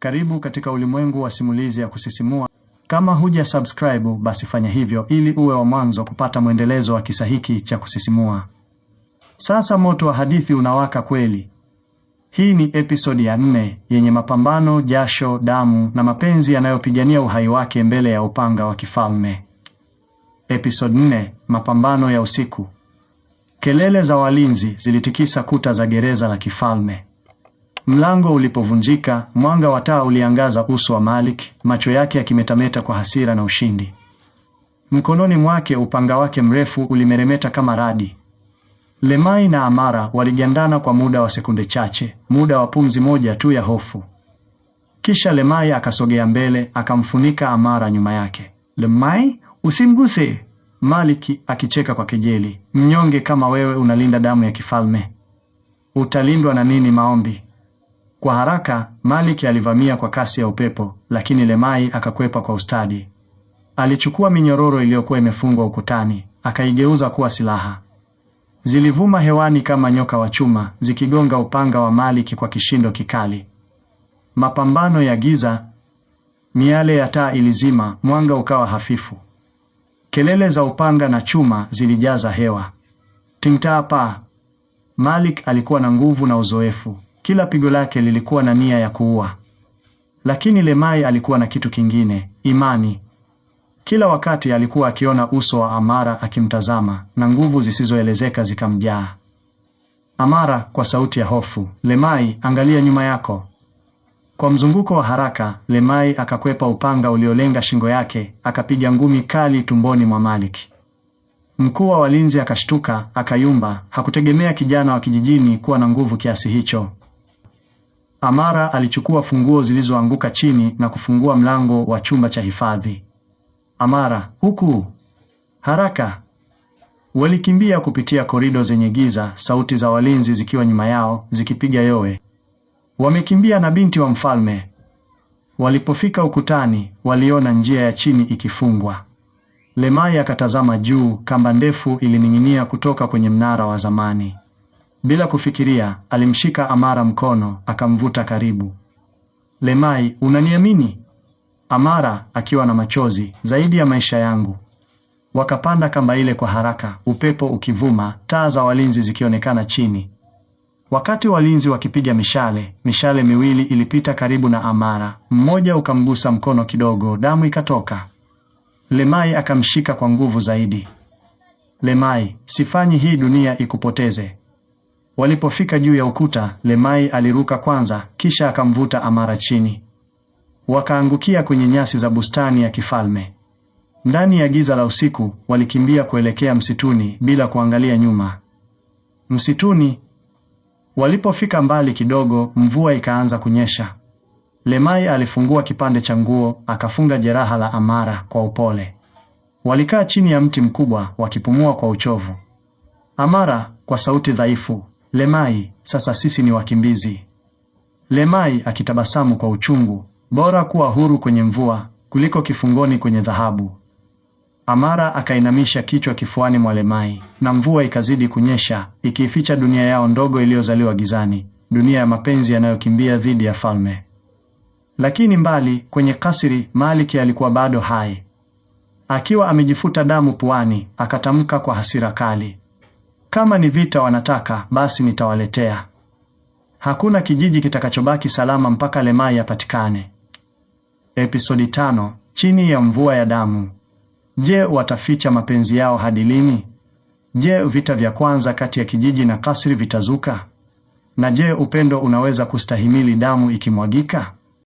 Karibu katika ulimwengu wa simulizi ya kusisimua. Kama huja subscribe, basi fanya hivyo ili uwe wa mwanzo kupata mwendelezo wa kisa hiki cha kusisimua. Sasa moto wa hadithi unawaka kweli. Hii ni episodi ya nne yenye mapambano, jasho, damu na mapenzi yanayopigania uhai wake mbele ya upanga wa kifalme. Episodi nne: mapambano ya usiku. Kelele za walinzi zilitikisa kuta za gereza la kifalme. Mlango ulipovunjika, mwanga wa taa uliangaza uso wa Malik, macho yake yakimetameta kwa hasira na ushindi. Mkononi mwake upanga wake mrefu ulimeremeta kama radi. Lemai na Amara waligandana kwa muda wa sekunde chache, muda wa pumzi moja tu ya hofu. Kisha Lemai akasogea mbele, akamfunika Amara nyuma yake. Lemai, usimguse! Maliki akicheka kwa kejeli. Mnyonge kama wewe unalinda damu ya kifalme. Utalindwa na nini maombi? Kwa haraka, Malik alivamia kwa kasi ya upepo, lakini Lemai akakwepa kwa ustadi. Alichukua minyororo iliyokuwa imefungwa ukutani, akaigeuza kuwa silaha. Zilivuma hewani kama nyoka wa chuma, zikigonga upanga wa Malik kwa kishindo kikali. Mapambano ya giza. Miale ya taa ilizima, mwanga ukawa hafifu. Kelele za upanga na chuma zilijaza hewa. tintapa Malik alikuwa na nguvu na uzoefu. Kila pigo lake lilikuwa na nia ya kuua. Lakini Lemai alikuwa na kitu kingine, imani. Kila wakati alikuwa akiona uso wa Amara akimtazama, na nguvu zisizoelezeka zikamjaa. Amara, kwa sauti ya hofu, Lemai, angalia nyuma yako. Kwa mzunguko wa haraka, Lemai akakwepa upanga uliolenga shingo yake, akapiga ngumi kali tumboni mwa Malik. Mkuu wa walinzi akashtuka, akayumba, hakutegemea kijana wa kijijini kuwa na nguvu kiasi hicho. Amara alichukua funguo zilizoanguka chini na kufungua mlango wa chumba cha hifadhi. Amara, huku! Haraka! Walikimbia kupitia korido zenye giza, sauti za walinzi zikiwa nyuma yao zikipiga yowe. Wamekimbia na binti wa mfalme. Walipofika ukutani, waliona njia ya chini ikifungwa. Lemai akatazama juu, kamba ndefu ilining'inia kutoka kwenye mnara wa zamani. Bila kufikiria, alimshika Amara mkono akamvuta karibu. Lemai, unaniamini? Amara akiwa na machozi, zaidi ya maisha yangu. Wakapanda kamba ile kwa haraka, upepo ukivuma, taa za walinzi zikionekana chini. Wakati walinzi wakipiga mishale, mishale miwili ilipita karibu na Amara, mmoja ukamgusa mkono kidogo, damu ikatoka. Lemai akamshika kwa nguvu zaidi. Lemai, sifanyi hii dunia ikupoteze. Walipofika juu ya ukuta, Lemai aliruka kwanza, kisha akamvuta Amara chini. Wakaangukia kwenye nyasi za bustani ya kifalme. Ndani ya giza la usiku, walikimbia kuelekea msituni bila kuangalia nyuma. Msituni walipofika mbali kidogo, mvua ikaanza kunyesha. Lemai alifungua kipande cha nguo, akafunga jeraha la Amara kwa upole. Walikaa chini ya mti mkubwa wakipumua kwa uchovu. Amara kwa sauti dhaifu Lemai, sasa sisi ni wakimbizi. Lemai akitabasamu kwa uchungu, bora kuwa huru kwenye mvua kuliko kifungoni kwenye dhahabu. Amara akainamisha kichwa kifuani mwa Lemai, na mvua ikazidi kunyesha, ikiificha dunia yao ndogo iliyozaliwa gizani, dunia ya mapenzi yanayokimbia dhidi ya falme. Lakini mbali kwenye kasri, Maliki alikuwa bado hai, akiwa amejifuta damu puani, akatamka kwa hasira kali, kama ni vita wanataka, basi nitawaletea. Hakuna kijiji kitakachobaki salama mpaka Lemai apatikane. Episodi tano, chini ya mvua ya damu. Je, wataficha mapenzi yao hadi lini? Je, vita vya kwanza kati ya kijiji na kasri vitazuka? Na je, upendo unaweza kustahimili damu ikimwagika?